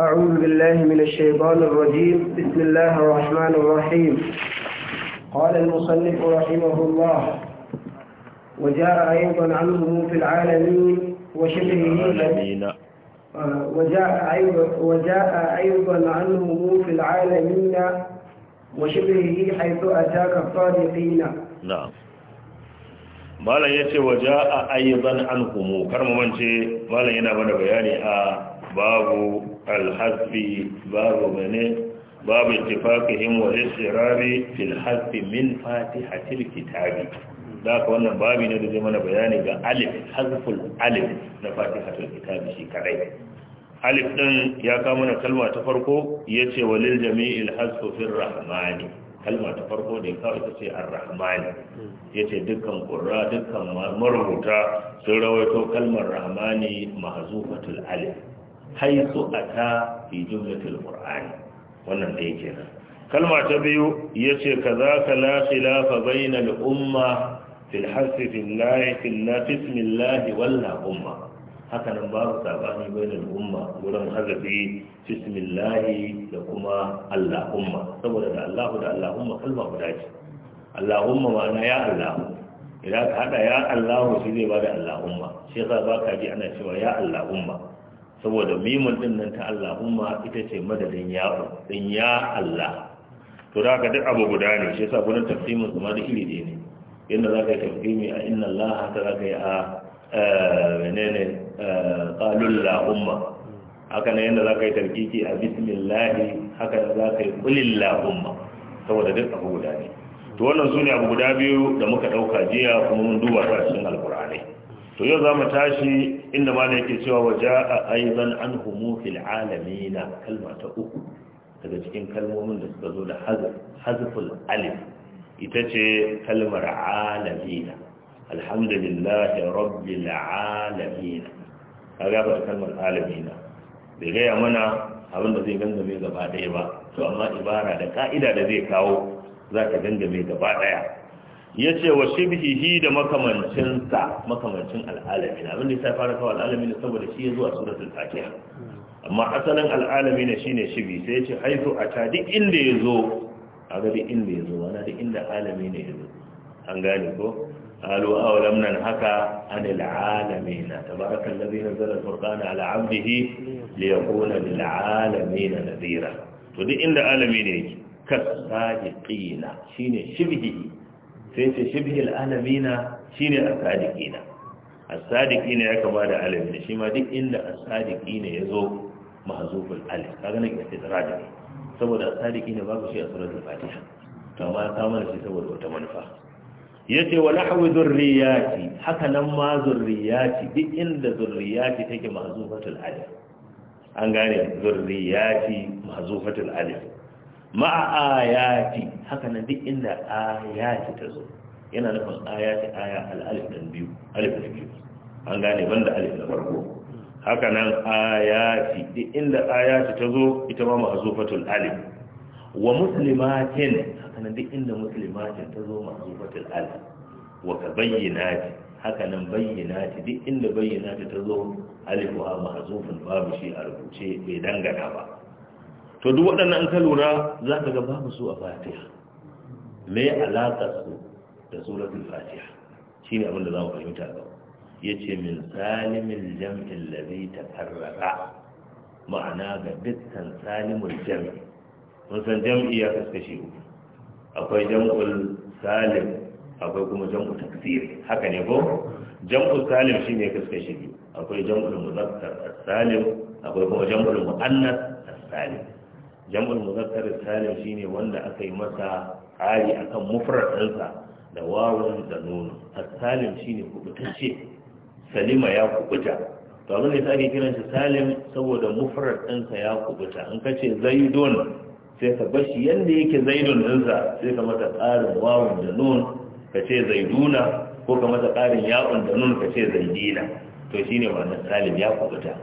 أعوذ بالله من الشيطان الرجيم بسم الله الرحمن الرحيم قال المصنف رحمه الله وجاء أيضا عنه في العالمين وشبهه وجاء أيضا, وجاء أيضا عنه في العالمين وشبهه حيث أتاك الصادقين نعم malam ya ce waje a ayyuban an humu kar mu mance malam yana mana bayani a babu alhasbi babu bane babu ittifaqihim wa istirabi fil hasbi min fatihatil kitabi da ka wannan babi ne da zai mana bayani ga alif hazful alif na fatihatul kitabi shi kadai alif din ya kama mana kalma ta farko yace walil jami'il hasfu rahmani kalma ta farko da ya kawo ita ce ar-rahmani yace dukkan qurra dukkan marubuta sun rawaito kalmar rahmani mahzufatul alif haisu ta fi jumlatil qur'ani wannan da yake nan kalma ta biyu yace kazaka la khilafa bainal umma fil hasfi fillahi fil bismillahi walla umma haka nan babu sabani bainal umma gurin hazafi bismillahi da kuma allahumma saboda da allahu da allahumma kalma guda ce allahumma ma'ana ya allahu idan ka hada ya allahu shi zai bada allahumma shi yasa ba ka ji ana cewa ya allahumma saboda mimun din nan ta Allahumma ita ce madadin ya din ya Allah to da ka duk abu guda ne shi yasa gurin tafsimin su ma da iri ne inda za ka yi tafsimi a inna Allah ta za ka yi a eh, menene eh, qalul lahumma haka ne inda za ka yi tarkiki a bismillah haka ne za ka yi qulil lahumma saboda duk abu guda ne to wannan sune abu guda biyu da muka dauka jiya kuma mun duba su cikin alqur'ani to yau za mu tashi inda ma yake cewa waje a aizan an humufil alamina kalma ta uku daga cikin kalmomin da suka zo da haziful alif ita ce kalmar alamina alhamdulillahi rabbil alamina ka gaba da kalmar alamina bai gaya mana abin da zai gangame gaba ɗaya ba to amma ibara da ka'ida da zai kawo za ka gangame gaba ɗaya ya ce wa shibhihi da makamancinsa makamancin al'alami na abin da ya fara kawo al'alami ne saboda shi ya zuwa suratul fatiha amma asalin al'alami ne shine shibhi sai ya ce haizu a ta duk inda ya zo a ga duk inda ya zo wani duk inda alami ne ya zo an gane ko "Alu nan haka na قالوا أولم ننهك عن العالمين تبارك الذي na الفرقان To عبده ليكون للعالمين ne ودي إن العالمين كالصادقين shine شبهه sai ce shibhil alamina shine asadikina asadikina ya kama da alamin shi ma duk inda asadikina ya zo mahzuful alif kaga nan da ne saboda asadikina babu shi a suratul fatiha to amma ka mana shi saboda wata manufa yace wa nahwu zurriyati haka nan ma zurriyati duk inda zurriyati take mahzufatul alif an gane zurriyati mahzufatul alif ma'a haka nan duk inda ayati ta zo yana nufin ayati aya al'alif da biyu alif da biyu an gane banda alif da farko haka nan ayati duk inda ayati ta zo ita ma ma'azufatul alif wa muslimatin haka nan duk inda muslimatin ta zo ma'azufatul alif wa ka bayyana haka nan bayyana duk inda bayyana ta zo alif ha ma'azufin babu shi a rubuce bai dangana ba to duk waɗannan ka lura za ka ga babu su a fatiha me alaƙa su da suratul fatiha shine abin da za mu fahimta a gaba ce min salimin jam'in ta takarrara ma'ana ga dukkan salimul jam'i mun san jam'i ya kaskashe uku akwai jam'ul salim akwai kuma jam'u taksir haka ne ko jam'ul salim shine ya kaskashi biyu akwai jam'ul muzakkar salim akwai kuma jam'ul muannas as-salim jam'ul muzakkar salim shine wanda aka yi masa ƙari akan mufrad ɗinsa da wawun da nono as-salim shine kubutacce salima ya kubuta to abin da yasa ake kiran shi salim saboda mufrad ɗinsa ya kubuta in ka ce zaidun sai ka bashi yanda yake zaidun ɗinsa sai ka mata ƙarin wawun da nun ka ce zaiduna ko ka mata ƙarin ya'un da nun ka ce zaidina to shine wannan salim ya kubuta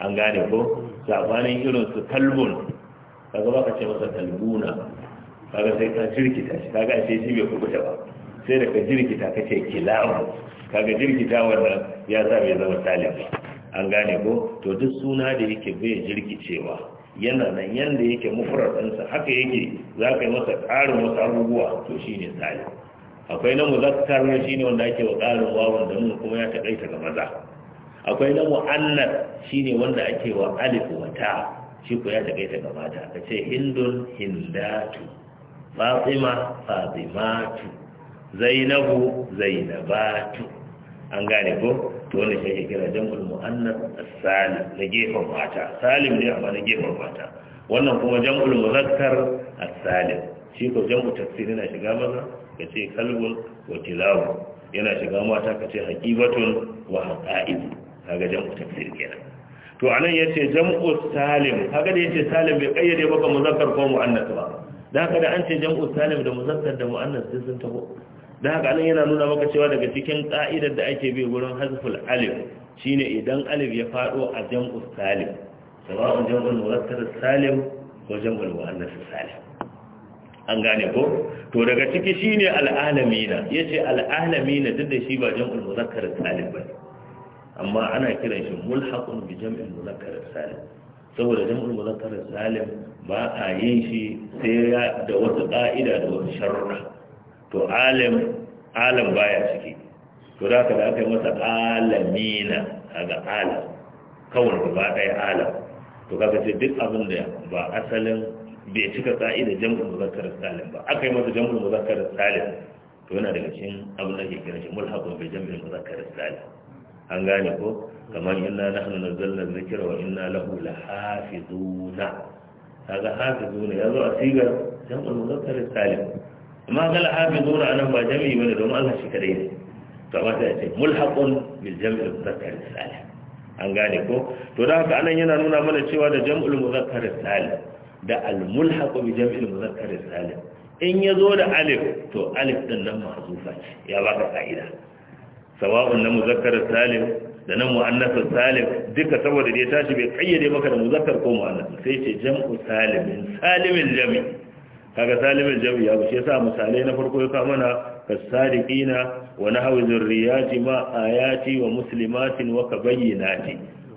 an gane ko sabanin irin su kalbun kaga ba ka ce masa talbuna kaga sai ka jirkita shi kaga ashe shi bai kubuta ba sai da ka jirkita ka ce kilawa kaga jirkita wannan ya sa bai zama talibi an gane ko to duk suna da yake bai jirkicewa yana nan yanda yake mufrar ɗansa haka yake za ka yi masa ƙarin wasu abubuwa to shine talib akwai na muzakkar ne wanda ake wa ƙarin wawan da nuna kuma ya taƙaita ga maza akwai na shi ne wanda ake wa alif wa ta shi ku ya taƙaita gaba da ka ce hindun hindatu fatima fatimatu zainabu zainabatu an gane ko to wani shi ke kira jam'ul mu'annas salim na gefen mata salim ne amma na gefen mata wannan kuma jam'ul muzakkar as-salim shi ko jam'u tafsir yana shiga maza ka ce kalbun wa tilawu yana shiga mata ka ce haqibatun wa haqa'iq kaga jam'u tafsir kenan to anan ce jam'u salim haka da ya ce salim bai kayyade ba ga muzakkar ko muannas ba da haka da an ce jam'u salim da Muzakar da muannas sai sun taho da haka anan yana nuna maka cewa daga cikin ƙa'idar da ake bi wurin hazful alif shi ne idan alif ya faɗo a jam'u salim sawa'un jam'ul muzakar salim ko jam'ul muannas salim an gane ko to daga ciki shine al'alamina ce al'alamina duk da shi ba jam'ul Muzakar salim ba ne. amma ana kiran shi mulhaqun bi jam'il mudhakkar salim saboda jam'ul mudhakkar salim ba a yin shi sai da wata ƙa'ida da wata sharuɗa to alim alim baya ciki to da ka da aka yi masa alamina kaga alam kawai ba dai alam to kaga sai duk abin da ba asalin bai cika ƙa'ida jam'ul mudhakkar salim ba aka yi masa jam'ul mudhakkar salim to yana daga cikin abin da ke kiran shi mulhaqun bi jam'il mudhakkar salim an gane ko kamar inna nahnu nazzalna dhikra wa inna lahu lahafizuna kaga hafizuna zo a sigar jam'ul muzakkar salim amma ga lahafizuna anan ba jami'i bane don Allah shi kadai ne to amma sai ce mulhaqun bil jam'il muzakkar salim an gane ko to da haka anan yana nuna mana cewa da jam'ul muzakkar salim da al mulhaqu bi jam'il muzakkar salim in yazo da alif to alif din nan mahzufa ce ya baka fa'ida sawa'un na muzakkar salim da nan mu'annasa salim duka saboda dai tashi bai kayyade maka da muzakkar ko mu'annas sai ce jam'u salimin salimin jami kaga salimin jami ya bushe sa misalai na farko ya kama na kasadiqina wa nahwu zurriyati ma ayati wa muslimatin wa kabayyinati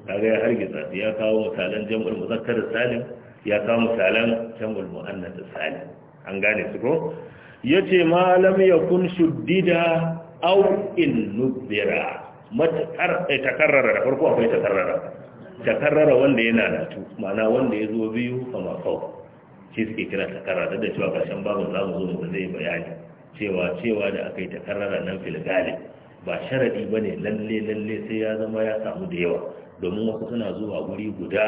kaga ya hargitsa ya kawo misalan jam'ul muzakkar salim ya kawo misalan jam'ul mu'annas salim an gane su ko yace ma lam yakun shuddida aw in nubira matakar eh, takarrara da farko akwai takarrara takarrara wanda yana da tu ma'ana wanda ya zo biyu kama kau shi suke kira takarrara da cewa karshen babu za mu zo mu zai bayani cewa cewa da akai yi takarrara nan filgalin ba sharadi ba ne lalle lalle sai ya zama ya samu da yawa domin wasu suna zuwa guri guda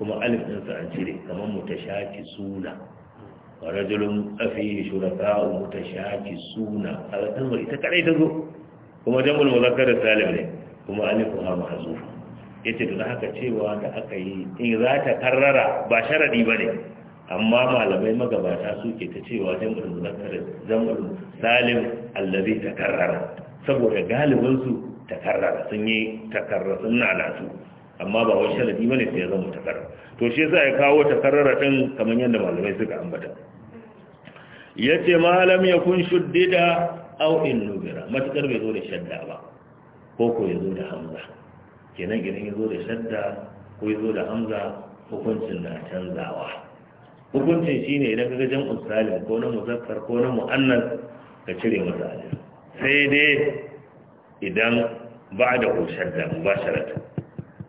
kuma alif su an cire kamar mu ta shaki suna wa rajulun afihi shuraka'u mutashaki suna al'amur ita kadai ta zo kuma jamul muzakkar salim ne kuma alifu ha mahzuf yace to haka cewa da aka yi in za ta karrara ba sharadi bane amma malamai magabata suke ta cewa jamul muzakkar jamul salim allazi takarrara saboda galibin su takarrara sun yi takarrasun nana su amma ba wai sharadi ne sai ya zama takarar to shi yasa ya kawo takarar din kamar yadda malamai suka ambata yace malam yakun shuddida aw au'in nubira matakar bai zo da shadda ba ko ko ya zo da hamza kenan gidan ya zo da shadda ko ya zo da hamza hukuncin na canzawa hukuncin shine idan kaga jam'u salim ko na muzakkar ko na muannas ka cire masa alif sai dai idan ba da ba sharatu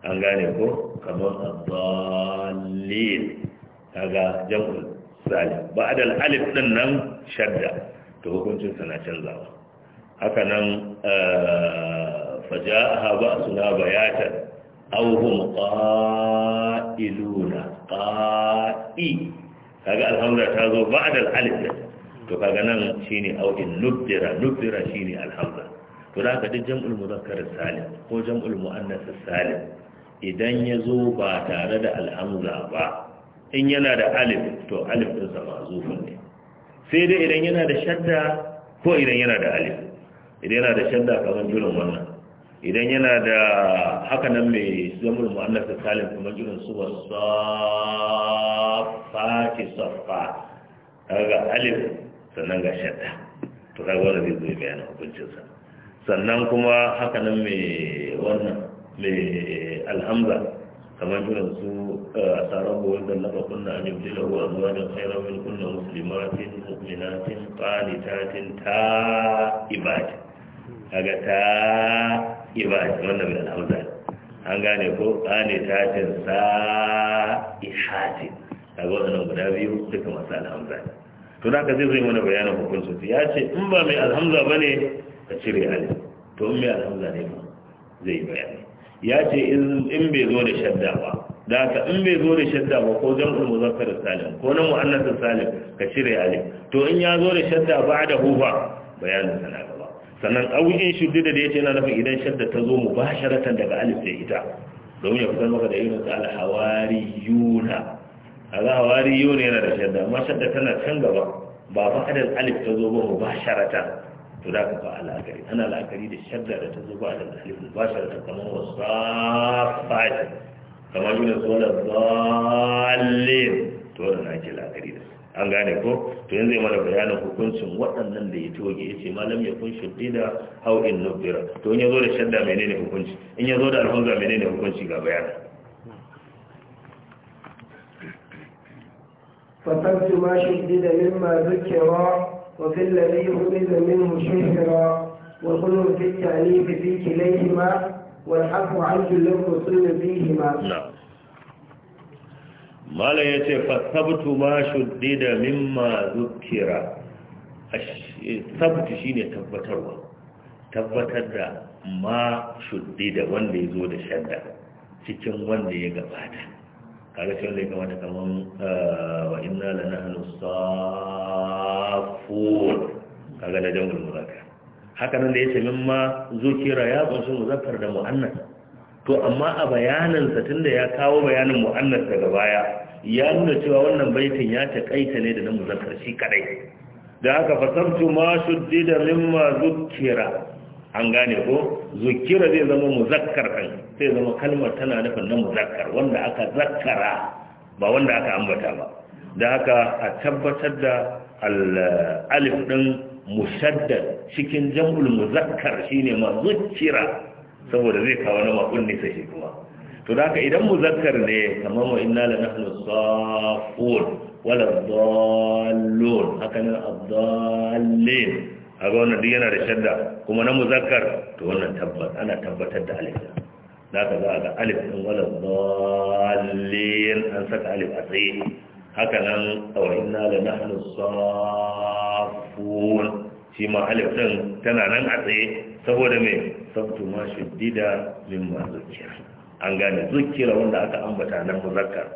an gane ko kamar adallin kaga jam'ul salim ba'da al-alif din nan shadda to hukuncin sa na canzawa haka nan faja'aha ba'suna bayatan aw hum qa'iluna qa'i kaga alhamdulillah ta zo ba'da al-alif to kaga nan shine aw in nubdira nubdira shine alhamdulillah to da haka duk jam'ul muzakkar salim ko jam'ul muannas salim idan ya zo ba tare da alhamza ba in yana da alif to alif ɗinsa ba zufin ne sai dai idan yana da shadda ko idan yana da alif idan yana da shadda kamar jirin wannan idan yana da haka nan mai zamul mu'annasa salim kamar jirin su wasafa ki safa daga alif sannan ga shadda to daga wanda zai zo bayanin hukuncinsa sannan kuma haka nan mai wannan mai alhamza kamar irin su a eh, taron buwan da kunna a da ruwa zuwa da tsairar min kunna musulmatin mu'minatin ƙalitatin ta ibad kaga ta ibad wanda mai alhamza an gane ko ƙalitatin sa ihatin kaga waɗannan guda biyu duka masu alhamza to da ka zai zai mana bayanin hukuncin ya ce in ba mai alhamza ba ne ka cire alif to in mai alhamza ne ba zai bayani ya ce in bai zo da shadda ba da ka in bai zo da shadda ba ko kuma zakar salim ko na mu'annas salim ka cire alif to in ya zo da shadda ba da hufa bayanin sana gaba sannan aukin shuddida da yace yana nufin idan shadda ta zo mu sharatan daga alif sai ita domin ya fitar maka da irin sa a hawariyuna hawari yuna yana da shadda amma shadda tana can gaba ba adal alif ta zo ba mu sharatan. to da ba a la'akari ana la'akari da shadda da ta zuba da alif bashar ta kamar wasafat kamar yana zuwa zalim to na ake la'akari da an gane ko to yanzu ya mana bayanin hukuncin waɗannan da ya toge ya ce malam ya kun shuddi da hau'in nubira to in ya zo da shadda menene hukunci in ya zo da alhamza menene hukunci ga bayanin فترك da yin مما ذكر وفي الذي يخرج منه شهرا وكل في التأليف في كليهما والحق عن لم يصل فيهما نعم mala ya ce fasabtu ma shuddida mimma zukira sabtu shine tabbatarwa tabbatar da ma shuddida wanda ya zo da shadda cikin wanda ya gabata kaga shi wanda ya kamata kaman eh, wa inna la nahnu safur kaga da jamul muzakkar haka nan da yace mimma zukira ya kunshi muzakkar da muannas to amma a bayanin sa tunda ya kawo bayanin muannas daga baya ya nuna cewa wannan baitin ya taƙaita ne da na muzakkar shi kadai da haka fasartu ma shuddida mimma zukira an gane ko zukira zai zama muzakkar kan sai zama kalmar tana nufin na muzakkar wanda aka zakkara ba wanda aka ambata ba da haka a tabbatar da alif din musaddad cikin jam'ul muzakkar shine ma zukira saboda zai kawo na makon nisa shi kuma to da haka idan muzakkar ne kamar mu inna la nahnu safun wala dallun haka nan adallin aga wannan duk yana da shadda kuma na muzakkar to wannan tabbas ana tabbatar da alif da ka a ga alif din wala dallin an saka alif a tsaye haka nan aw inna la nahnu safun shi ma alif din tana nan a tsaye saboda mai sabtu ma shiddida ma zukira an gane zukira wanda aka ambata nan muzakkar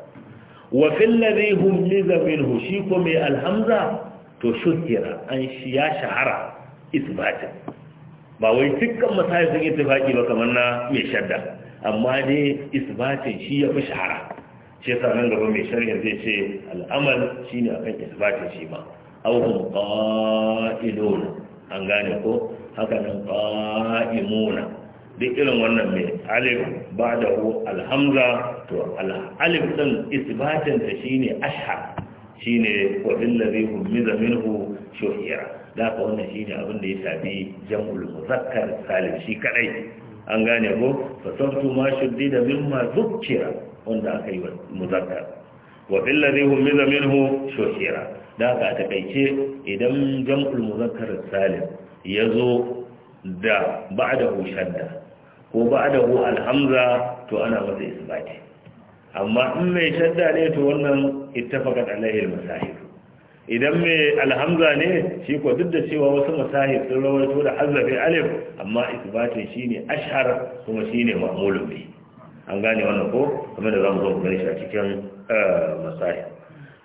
wa fil ladhi hum liza minhu shi ko me alhamza to shuhira an ya shahara isbatin ba wai dukkan masahib sun ittifaki ba kamar na mai shadda amma dai isbatin shi ya fi shahara shi yasa nan gaba mai sharhi zai ce al'amal shine akan isbatin shi ma aw hum an gane ko haka nan qa'imuna duk irin wannan mai alif ba da alhamza to alif ɗin isbatin ta shine ashhar shine wa illazi humiza minhu shuhiya da ka wannan shine abin da ya tabi jam'ul muzakkar salim shi kadai an gane ko fa sabtu ma shuddida mimma zukkira wanda aka yi wa muzakkar wa illazi humiza minhu shuhiya da ka takaice idan jam'ul muzakkar salim yazo da ba'dahu shadda ko ba'dahu alhamza to ana masa isbati amma in mai shadda ne to wannan ittafaqat alaihi al-masahib idan me alhamza ne shi ko duk da cewa wasu masahib sun rawaito da hazafi alif amma isbatin shine ashhar kuma shine ma'mulun bi an gane wannan ko kuma da zamu zo mu gani shi a cikin eh, masahib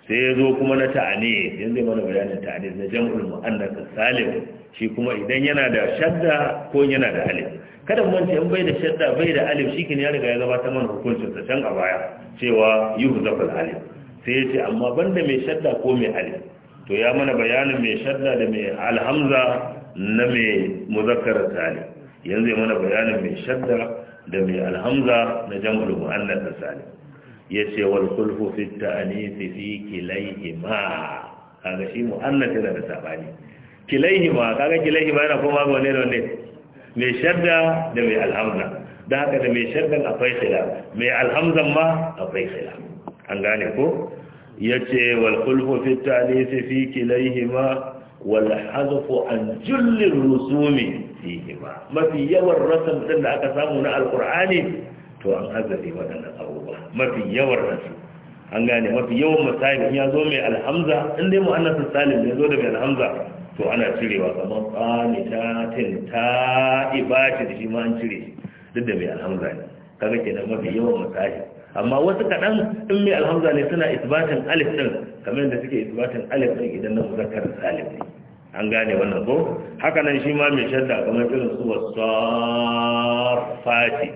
sai ya zo kuma na ta'ani yanzu mana bayanin ta'ani na jam'ul mu'annath salim shi kuma idan yana da shadda ko yana da alif kada mu manta in bai da shadda bai da alif kin ya riga ya zama ta mana hukuncin sa can a baya cewa yuhzaful alif sai ya ce amma banda mai shadda ko mai hali to ya mana bayanin mai shadda da mai alhamza na mai muzakkar sali yanzu ya mana bayanin mai shadda da mai alhamza na jam'ul muannas sali yace wal kulhu fi ta'nif fi ma!" kaga shi muannas yana da sabani ma kaga ma yana kuma ga wani ne mai shadda da mai alhamza da haka da mai shaddan akwai khilaf mai alhamzan ma akwai khilaf an gane ko yace wal khulfu fi ta'lif fi kilayhima wal hadfu an jullir rusumi fihima mafi yawan rasam din da aka samu na alqur'ani to an hazafi wadannan abubuwa mafi yawan rasu an gane mafi yawan misali ya zo mai alhamza in dai mu'annas salim ya zo da mai alhamza to ana cirewa kamar qanitatin ta'ibati da shi ma an cire duk da mai alhamza ne kaga kenan mafi yawan misali amma wasu kaɗan in mai alhamza ne suna isbatin alif ɗin kamar yadda suke isbatin alif ɗin idan na muzakar salim ne an gane wannan ko haka nan shi ma mai shadda kamar irin su wasafati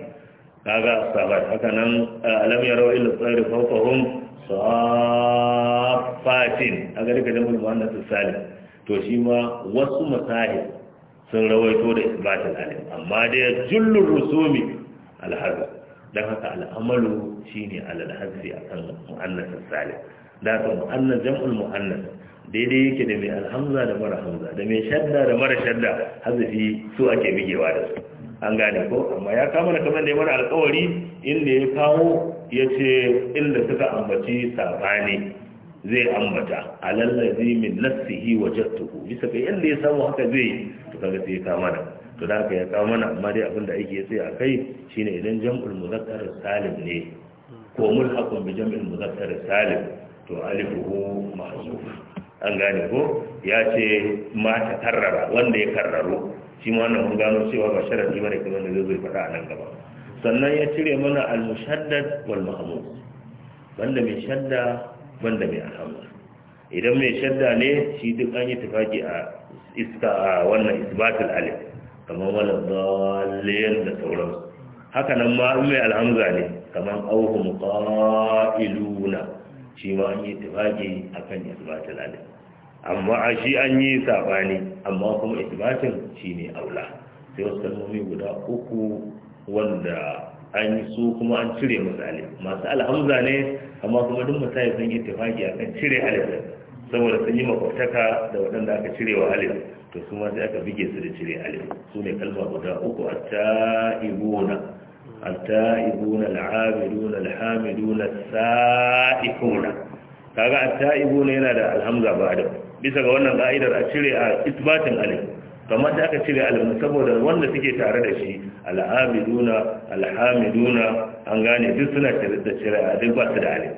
kaga sabat haka nan eh, alam rawa illa tsari fawqahum safatin aga duka jama'ul su salim to shi ma wasu masahi sun rawaito da isbatin alif amma dai jullun rusumi alhazar don haka al'amalu shine alal a akan mu'annas salih da ka mu'annas jam'ul mu'annas daidai yake da mai alhamza da mara hamza da mai shadda da mara shadda hazafi su ake bigewa da su an gane ko amma ya kama da kamar da ya mara alkawari inda ya kawo ya ce inda suka ambaci sabani zai ambata alallazi min nafsihi wajadtuhu bisa kai inda ya samu haka zai to kaga sai ya kama da to da haka ya kawo mana amma dai abin da ake ya a kai shine idan jam'ul muzakkar salim ne ko mulhaqun bi jam'il muzakkar salim to alifuhu mahzuf an gane ko ya ce ma ta karrara wanda ya karraro shi ma wannan mun gano cewa ba sharadi bane kuma da zai faɗa a nan gaba sannan ya cire mana al-mushaddad wal mahmud banda mai shadda banda mai alhamdu idan mai shadda ne shi duk an yi tafaki a iska a wannan isbatul alif kamar wani dalilin da sauransu haka nan ma mai alhamza ne kamar auhu qa'iluna shi ma an yi a akan isbatul alif amma a shi an yi sabani amma kuma isbatin shine aula sai wasu kalmomi guda uku wanda an yi su kuma an cire musu masu alhamza ne amma kuma duk mutane sun yi a akan cire alifin saboda sun yi makwabtaka da waɗanda aka cire wa alif to su ma sai aka bige su da cire alif su ne kalma guda uku a ta'ibuna a ta'ibuna al'abiduna alhamiduna sa'ikuna kaga a ta'ibuna yana da alhamza ba da bisa ga wannan ka'idar a cire a isbatin alif kamar da aka cire alif saboda wanda suke tare da shi al'abiduna alhamiduna an gane duk suna da cire a duk ba su da alif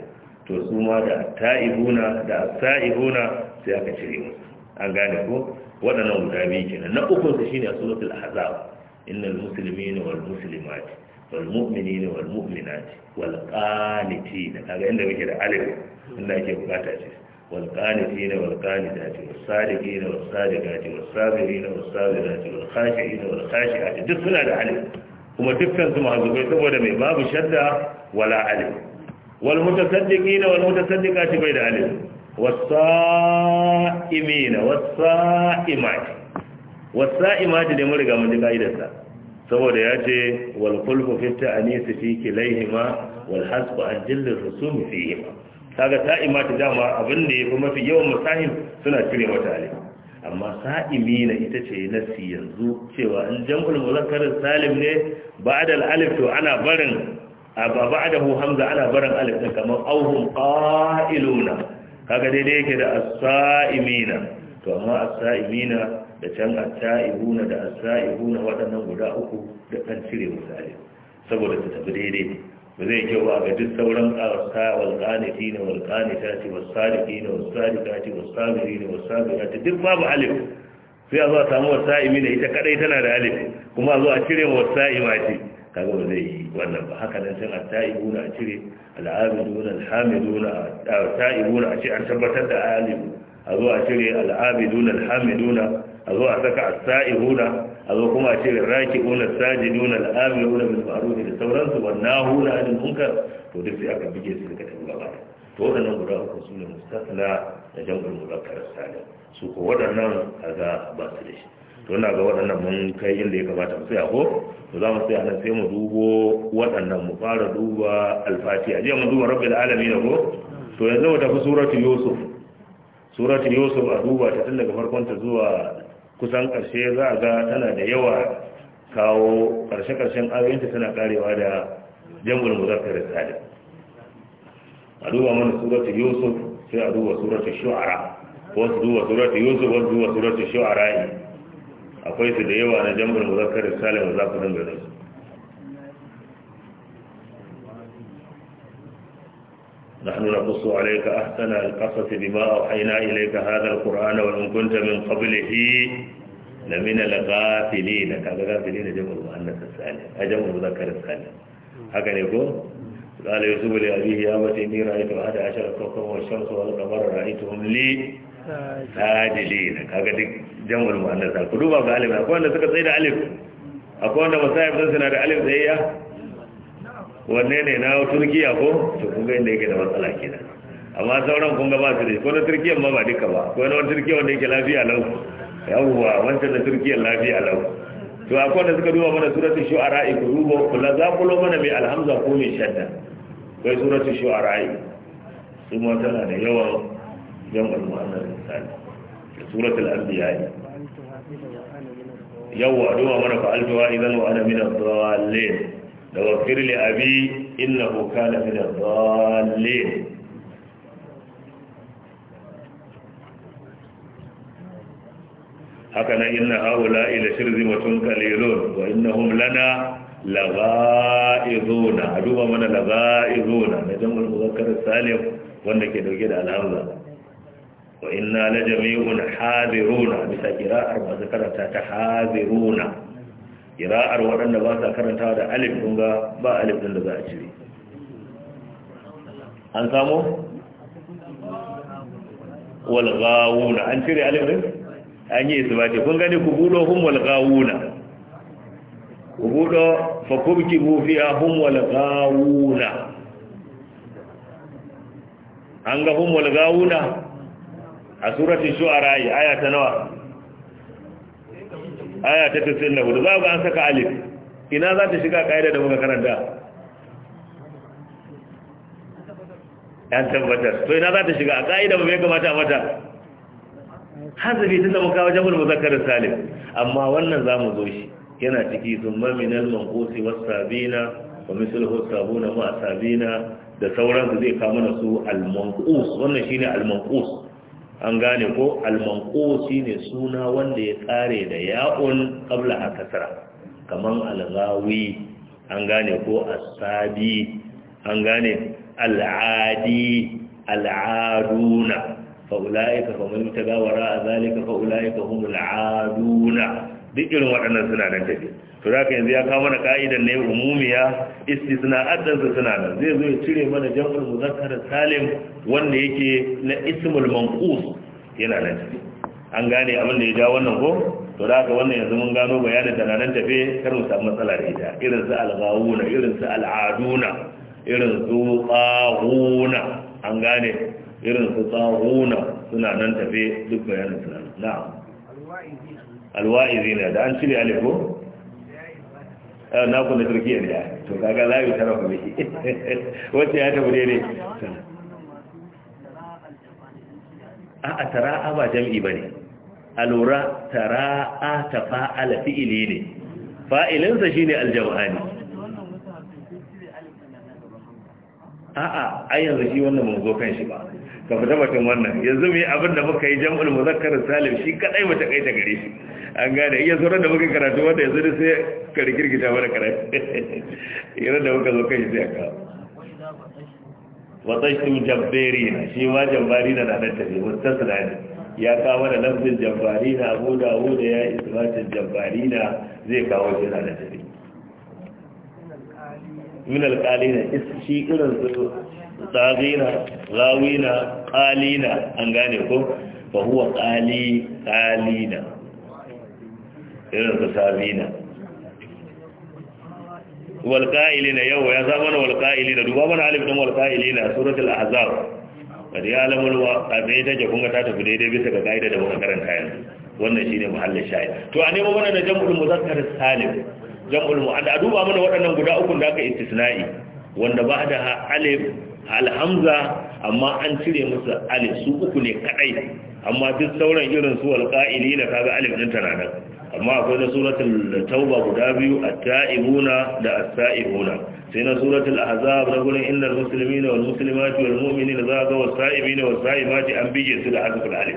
to su ma da ta'ibuna da sa'ibuna sai aka cire musu an gane ko waɗannan guda biyu kenan na uku su shine suratul ahzab innal muslimina wal muslimat wal mu'minina wal mu'minat wal qanitina kaga inda muke da alif inda ake bukata ce wal qanitina wal qanitati was sadiqina was sadiqati was sabirina was sabirati wal khashi'ina wal khashi'ati duk suna da alif kuma dukkan su mahazubai saboda mai babu shadda wala alif wal mutasaddiqina wal mutasaddiqati bai da alif wasa'imina wasa'imati wasa'imati da mun riga mun ji kaidarsa saboda ya ce wal kulfu fi ta'anis a kilayhima wal hasbu an jillir rusum fihima kaga sa'imati dama abin da ya fi mafi yawan musahim suna cire mata alif amma sa'imina ita ce nasi yanzu cewa in jam'ul muzakkar salim ne Ba al alif to ana barin ba ba'dahu hamza ana barin alif din kamar awhum qa'iluna kaga daidai yake da as-sa'imina to amma as-sa'imina da can at-ta'ibuna da as-sa'ibuna waɗannan guda uku da kan cire misali saboda ta tafi daidai ba zai kyau ga duk sauran ƙarsa wal qanati ne wal qanita ce was sadiqi ne was sadiqati was sabiri ne was sabirati duk babu alif sai a zo a samu was sa'imina ita kadai tana da alif kuma a zo a cire was sa'imati kaga ba zai yi wannan ba haka nan a at-ta'ibuna a cire al-abiduna al-hamiduna at-ta'ibuna a ce an tabbatar da alim a zo a cire al-abiduna al-hamiduna a zo a saka as-sa'ihuna a zo kuma a cire raki'una as-sajiduna al-amiluna bil ma'ruf da sauransu wa nahuna 'anil munkar to duk sai aka bige su daga cikin gaba to wadannan guda uku su ne mustasna da jam'ul muzakkar salim su ko wadannan kaga ba su da shi to ina ga waɗannan mun kai inda ya kamata mu tsaya ko to za mu tsaya nan sai mu dubo waɗannan mu fara duba al-fatiha jiya mu duba rabbil alamin ko to yanzu mu tafi suratul yusuf suratul yusuf a duba ta tun daga farkon ta zuwa kusan ƙarshe za a ga tana da yawa kawo ƙarshe-ƙarshen ayoyinta tana karewa da jam'ul muzakkar salim a duba mana suratul yusuf sai a duba suratul shu'ara wasu duba suratul yusuf wasu duba suratul shu'ara akwai su da yawa na jambar muzakkar salim za ku dinga su نحن نقص عليك أحسن القصص بما أوحينا إليك هذا القرآن وإن كنت من قبله لمن الغافلين كان غافلين جمع المؤنث السالم جمع المذكر الثاني هكذا يقول قال يوسف لأبيه يا أبت إني رأيت أحد عشر كوكبا والشمس والقمر رأيتهم لي sajilina kaga duk jam'ul muannasa ku duba ga alif akwai wanda suka tsaye da alif akwai wanda masahib sun suna da alif tsayayya wanne ne na turkiya ko to kun ga inda yake da matsala kenan amma sauran kun ga ba su da ko na turkiyan ma ba duka ba ko na turkiya wanda yake lafiya lau yawwa wancan na turkiyan lafiya lau to akwai wanda suka duba mana suratul shu'ara ku duba kula za ku lomana mana mai alhamza ko mai shadda kai suratul shu'ara su ma tana da yawan جمع المؤنث الثاني في سورة الأنبياء يو أدوى من فعلتها إذا وأنا من الضالين لو اغفر لأبي إنه كان من الضالين هكذا إن هؤلاء لشرذمة قليلون وإنهم لنا لغائضون أدوى من لغائضون نجم المذكر السالم وأنك على الله wa inna la jami'un hadiruna bisa kira'ar masu karanta ta hadiruna kira'ar waɗanda ba sa karantawa da alif ɗin ga ba alif ɗin da za a cire an samu walgawuna an cire alif din an yi isbati kun gani ku buɗo hun walgawuna ku buɗo fa kubki hum hun walgawuna an ga hun walgawuna a suratul shu'ara aya ta nawa aya ta hudu za ga an saka alif ina za ta shiga kaida da muka karanta Yan tabbatar to ina za ta shiga a kaida ba mai kamata mata hazabi tunda muka wajen muzakkar salim amma wannan za mu zo shi yana ciki zumma minal mankosi wasu sabina wa mithluhu as na ma sabina da sauransu zai kama na su almankus wannan shine ne manqus an gane ko almanko ne suna wanda ya tsare da ya'un ƙabla a kasara kaman almawi, an gane ko asabi an gane al'adi al'aduna fa'ula'ika kamar ta gawara a zalika fa'ula'ika hun al'aduna duk irin waɗannan suna nan tafi to da ka yanzu ya kawo mana ka'idar ne umumiya istisna addansa suna nan zai zo ya cire mana jam'ul muzakkar salim wanda yake na ismul manqus yana nan ciki an gane abin da ya ja wannan ko to da ka wannan yanzu mun gano bayanin da nan tafe kar mu samu matsala da ita irin su alghawuna irin su al'aduna irin su qahuna an gane irin su qahuna suna nan tafe duk bayanin suna na'am alwa'izina da an cire alif ko Eh, na ku na turkiyya ne to kaga za yi tara ku ne wacce ya tafi daidai a tara'a ba jam'i ba ne a lura tara'a ta fa'ala fi'ili ne fa'ilinsa shine ne a'a a yanzu shi wannan mun zo kan shi ba ka fita batun wannan yanzu mai abin da muka yi jam'ul muzakkar salim shi kadai ta kai ta gare shi an gane iya sauran da muka karatu wanda yanzu da sai gita mana karatu irin da muka zo kai zai aka watsashin jabbari na shi ma jambari na na nata ne wata na ne ya kawo da lafzin jambari na abu da abu da ya isbatin jambari na zai kawo shi na nata ne min alƙali na shi irin su tsagina rawina ƙalina an gane ko fa huwa ƙali ƙalina irin su sabina walƙa'ilina yau ya sa mana walƙa'ilina duba mana alif ɗin walƙa'ilina suratul ahzab kad ya alamul wa abin da ke kunga ta tafi daidai bisa ga ka'ida da muka karanta yanzu wannan shi ne muhallin shayi to a nemo mana da jam'ul muzakkar salim jam'ul mu'adda a duba mana waɗannan guda ukun da aka istisna'i wanda ba da alif alhamza amma an cire musu alif su uku ne kaɗai. amma duk sauran irin su alƙa'ili da kaga alif ɗin tana nan amma akwai na suratul tauba guda biyu at-ta'ibuna da as-sa'ibuna sai na suratul ahzab na gurin innal muslimina wal muslimati wal mu'minina za ga was-sa'ibina was-sa'imati an bige su da harfin alif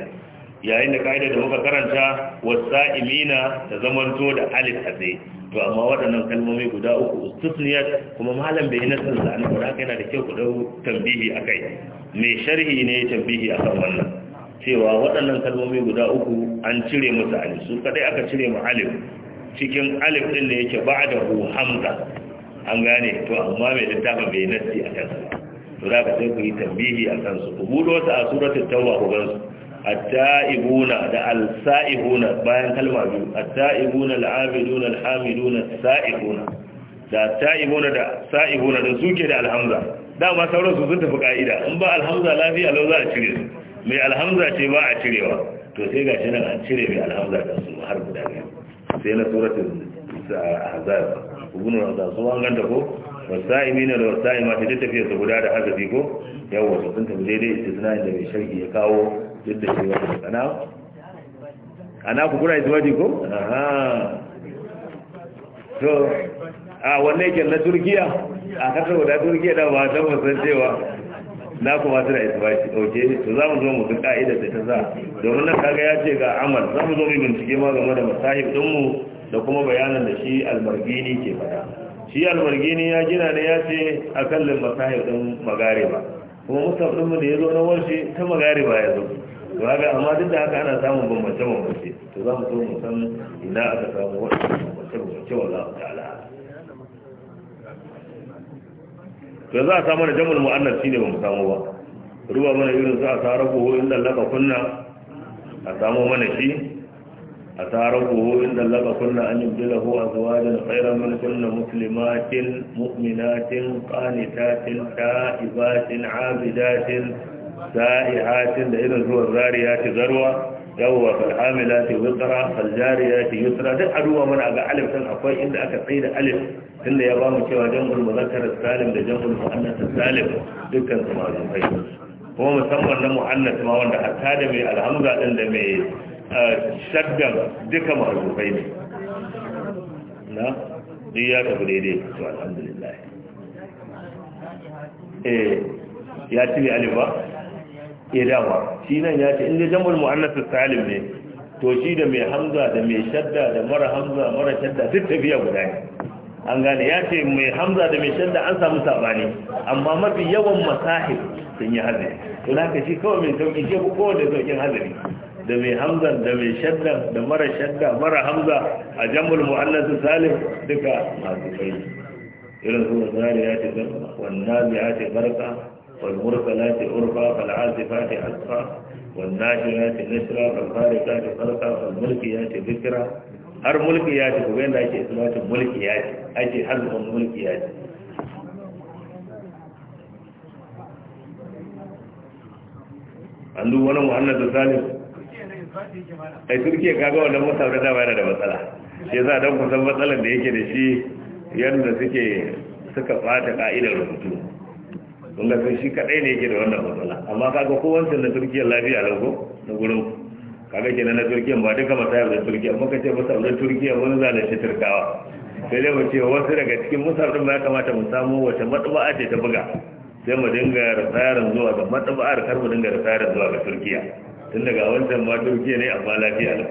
yayin da kaida da muka karanta was-sa'imina ta zamanto da alif a tsaye to amma waɗannan kalmomi guda uku istisniyat kuma malam bai nasar da an fara yana da kyau ku dau tambihi akai mai sharhi ne tambihi akan wannan cewa waɗannan kalmomi guda uku an cire musu alif su kadai aka cire mu alif cikin alif din da yake hu hamza an gane to amma mai littafin bai nasi a kansa to za ka sai ku yi tambihi a kansu ku buɗe wasu a suratul tawwa ku gansu at-ta'ibuna da al-sa'ibuna bayan kalma biyu at-ta'ibuna al-'abiduna al-hamiduna as-sa'ibuna da ta'ibuna da sa'ibuna da suke da alhamza dama sauran su sun tafi ka'ida in ba alhamza lafiya lau za a cire su mai alhamza ce ba a cirewa to sai ga shi nan an cire mai alhamza da su har guda biyu sai na suratul ahzab ibn raza su an ganta ko wasa'imina da wasa'ima ta tafiya su guda da hazafi ko yawa su sun tafi daidai istisna da mai sharhi ya kawo duk da cewa da kana ana ku kura izwaji ko aha to a wannan yake na turkiya a kasar da turkiya da ba ta musan cewa na kuma tana da isbati dauke to za mu zo mu ga ka'ida da ta za domin nan kaga ya ce ga amal za mu zo mu bincike ma game da masahib din mu da kuma bayanan da shi almargini ke fada shi almargini ya gina ne ya ce akan lil masahib din magariba kuma musaf ɗinmu mu ya zo na warshe ta magariba ya zo to kaga amma duk da haka ana samun bambance bambance to za mu zo mu san ina aka samu wannan bambance bambance wallahu ta'ala da za a samu da jamul mu'annas shine ba mu samu ba ruba mana irin za a tara ko inda laka kunna a samu mana shi a tara ko inda laka kunna an yi bila ho azwajan khairan min kunna muslimatin mu'minatin qanitatin ta'ibatin 'abidatin sa'ihatin da irin zuwa zariyati zarwa yawwa falhamilati wuzra faljariyati yusra duk a duba mana ga alif din akwai inda aka tsaye da alif tunda ya ba mu cewa jam'ul muzakkar salim da jam'ul muannas salim dukkan su mazumai kuma musamman na muannas ma wanda hatta da mai alhamza din da mai shaddan duka mazumai ne na duk ya tafi daidai to alhamdulillah eh ya ci alif ba ke eh, dama shi nan ya ce inda jamul mu'annasu salim ne to shi da mai hamza da mai shadda da mara hamza mara shadda duk tafiya guda ne an gane ya ce mai hamza da mai shadda an samu sabani amma mafi yawan masahib sun yi hazari to na ka shi kawai mai sauki ce ko kowane saukin hazari da mai hamza da mai shadda da mara shadda mara hamza a jamul mu'annasu salim duka masu kai irin su ya ce wannan ya ce barka والمرسلات عرفا فالعازفات عزفا والناشرات نشرا فالفارقات فرقا فالملكيات ذكرا har mulki ya mulkiyati kuma yadda ake isbatin mulkiyati ake mulki ya mulkiyati an duk wani muhammadu salim ai turkiya kaga wannan mutane da yana da matsala shi za a don kusan matsalar da yake da shi yadda suke suka fata ka'idar rubutu kun ga kai shi kadai ne yake da wannan matsala amma kaga ko wancan na turkiya lafiya da ko na gurin kaga kenan na turkiya ba duka masayar da turkiya muka ce masa da turkiya wani shi turkawa sai dai mu ce wasu daga cikin musafin ba ya kamata mu samu wace matsuba'a ce ta buga sai mu dinga rasayarin zuwa ga matsuba'ar kar mu dinga rasayarin zuwa ga turkiya tun daga wancan ma turkiya ne amma lafiya lau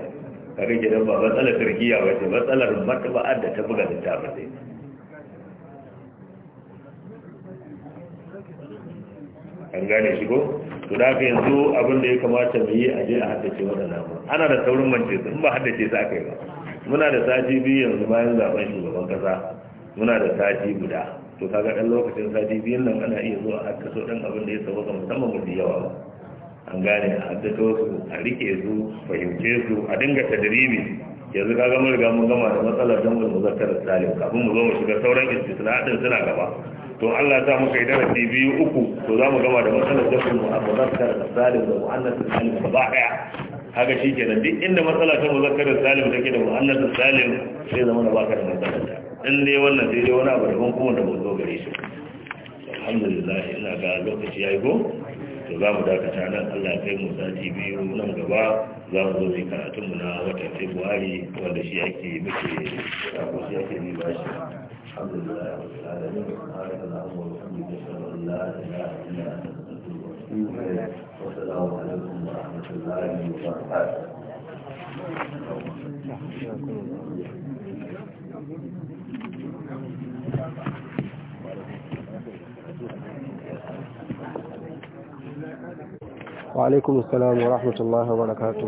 kaga kenan ba matsalar turkiya ba ce matsalar matsuba'ar da ta buga littafin an gane shi ko to da ka yanzu abin da ya kamata mu yi a je a haddace waɗannan ba ana da saurin mance su in ba haddace su aka yi ba muna da sati biyu yanzu bayan zaben shugaban kasa muna da sati guda to kaga ɗan lokacin sati biyun nan ana iya zuwa a haddace ɗan abin da ya sauka musamman mu yawa ba an gane a haddace su a rike su fahimce su a dinga tadribi yanzu ka gama riga mun gama da matsalar don mu da salim kafin mu zo mu shiga sauran istisna'adin suna gaba to Allah ta muka yi darasi biyu uku to za mu gama da matsalar da mu abu zakar salim da mu'annas salim gaba daya haka shi kenan duk inda matsala ta muzakkar salim take da mu'annas salim sai zama na baka da matsalar ta in dai wannan sai dai wani abu daban kuma da mu zo gare shi alhamdulillah ina ga lokaci yayi go to za mu dakata nan Allah ya kai mu sati biyu nan gaba za mu zo mai mu na watan Februari wanda shi ake muke abu shi yake ni ba shi alhamdulillah rabbil alamin subhanallahi wa bihamdihi yi ilaha illa anta yi wa atubu ilayk wa alaikum wa wa alaikum salamu wa rahmatullahi wa barakatu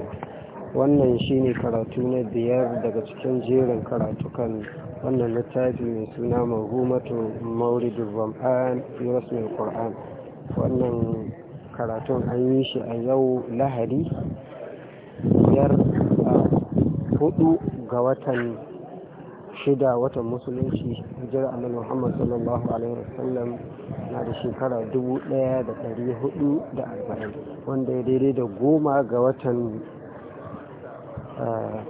wannan shine karatu na biyar daga cikin jerin karatukan wannan littafi mai suna mahumatu mauridin ram'an rasmin kur'an wannan karatun an yi shi a yau lahadi biyar a hudu ga watan shida watan musulunci hijira annabi muhammad sallallahu alaihi wasallam na da shekara dubu ɗaya da ɗari hudu da arba'in wanda ya daidai da goma ga watan eh,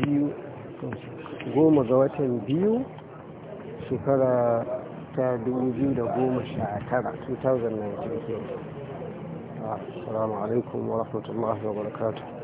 biyu goma ga watan biyu shekara ta dubu biyu da goma sha tara 2019 assalamu alaikum wa rahmatullahi wa barakatuh